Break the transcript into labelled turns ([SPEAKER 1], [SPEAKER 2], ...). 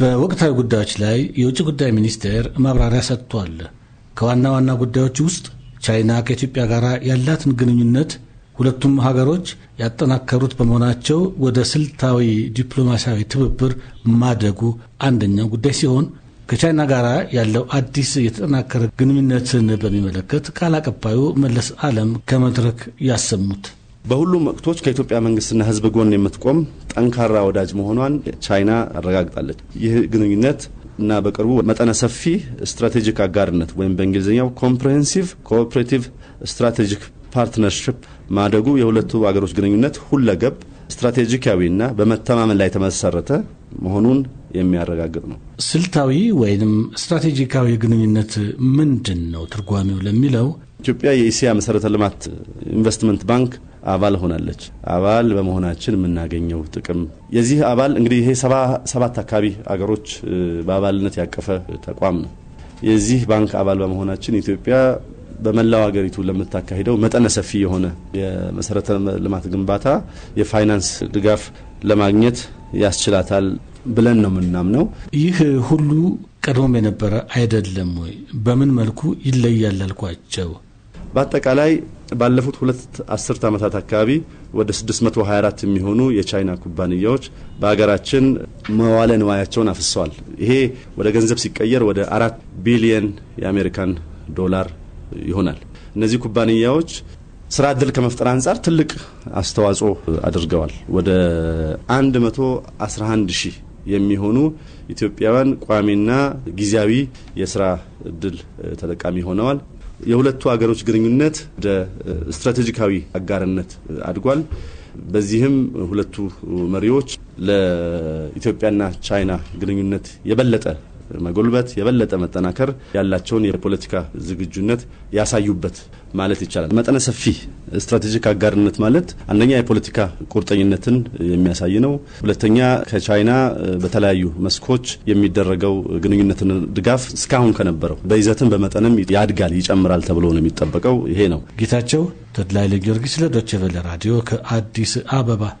[SPEAKER 1] በወቅታዊ ጉዳዮች ላይ የውጭ ጉዳይ ሚኒስቴር ማብራሪያ ሰጥቷል። ከዋና ዋና ጉዳዮች ውስጥ ቻይና ከኢትዮጵያ ጋር ያላትን ግንኙነት ሁለቱም ሀገሮች ያጠናከሩት በመሆናቸው ወደ ስልታዊ ዲፕሎማሲያዊ ትብብር ማደጉ አንደኛው ጉዳይ ሲሆን ከቻይና ጋር ያለው አዲስ የተጠናከረ ግንኙነትን በሚመለከት ቃል አቀባዩ መለስ ዓለም ከመድረክ ያሰሙት
[SPEAKER 2] በሁሉም ወቅቶች ከኢትዮጵያ መንግስትና ህዝብ ጎን የምትቆም ጠንካራ ወዳጅ መሆኗን ቻይና አረጋግጣለች። ይህ ግንኙነት እና በቅርቡ መጠነ ሰፊ ስትራቴጂክ አጋርነት ወይም በእንግሊዝኛው ኮምፕሬሄንሲቭ ኮኦፕሬቲቭ ስትራቴጂክ ፓርትነርሽፕ ማደጉ የሁለቱ አገሮች ግንኙነት ሁለገብ ስትራቴጂካዊና በመተማመን ላይ የተመሰረተ መሆኑን የሚያረጋግጥ ነው።
[SPEAKER 1] ስልታዊ ወይም ስትራቴጂካዊ ግንኙነት ምንድን ነው
[SPEAKER 2] ትርጓሜው ለሚለው ኢትዮጵያ የኢሲያ መሰረተ ልማት ኢንቨስትመንት ባንክ አባል ሆናለች። አባል በመሆናችን የምናገኘው ጥቅም የዚህ አባል እንግዲህ ይሄ ሰባት አካባቢ አገሮች በአባልነት ያቀፈ ተቋም ነው። የዚህ ባንክ አባል በመሆናችን ኢትዮጵያ በመላው ሀገሪቱ ለምታካሂደው መጠነ ሰፊ የሆነ የመሰረተ ልማት ግንባታ የፋይናንስ ድጋፍ ለማግኘት ያስችላታል ብለን ነው የምናምነው።
[SPEAKER 1] ይህ ሁሉ ቀድሞም የነበረ አይደለም ወይ? በምን መልኩ ይለያል አልኳቸው።
[SPEAKER 2] በአጠቃላይ ባለፉት ሁለት አስርት ዓመታት አካባቢ ወደ 624 የሚሆኑ የቻይና ኩባንያዎች በሀገራችን መዋለ ንዋያቸውን አፍሰዋል። ይሄ ወደ ገንዘብ ሲቀየር ወደ አራት ቢሊየን የአሜሪካን ዶላር ይሆናል። እነዚህ ኩባንያዎች ስራ እድል ከመፍጠር አንጻር ትልቅ አስተዋጽኦ አድርገዋል። ወደ 111 ሺህ የሚሆኑ ኢትዮጵያውያን ቋሚና ጊዜያዊ የስራ እድል ተጠቃሚ ሆነዋል። የሁለቱ ሀገሮች ግንኙነት ወደ ስትራቴጂካዊ አጋርነት አድጓል። በዚህም ሁለቱ መሪዎች ለኢትዮጵያና ቻይና ግንኙነት የበለጠ መጎልበት፣ የበለጠ መጠናከር ያላቸውን የፖለቲካ ዝግጁነት ያሳዩበት ማለት ይቻላል። መጠነ ሰፊ ስትራቴጂክ አጋርነት ማለት አንደኛ የፖለቲካ ቁርጠኝነትን የሚያሳይ ነው። ሁለተኛ ከቻይና በተለያዩ መስኮች የሚደረገው ግንኙነትን ድጋፍ እስካሁን ከነበረው በይዘትም በመጠንም ያድጋል፣ ይጨምራል ተብሎ ነው የሚጠበቀው። ይሄ ነው
[SPEAKER 1] ጌታቸው ተድላይ ለጊዮርጊስ ለዶቼ ቬለ ራዲዮ ከአዲስ አበባ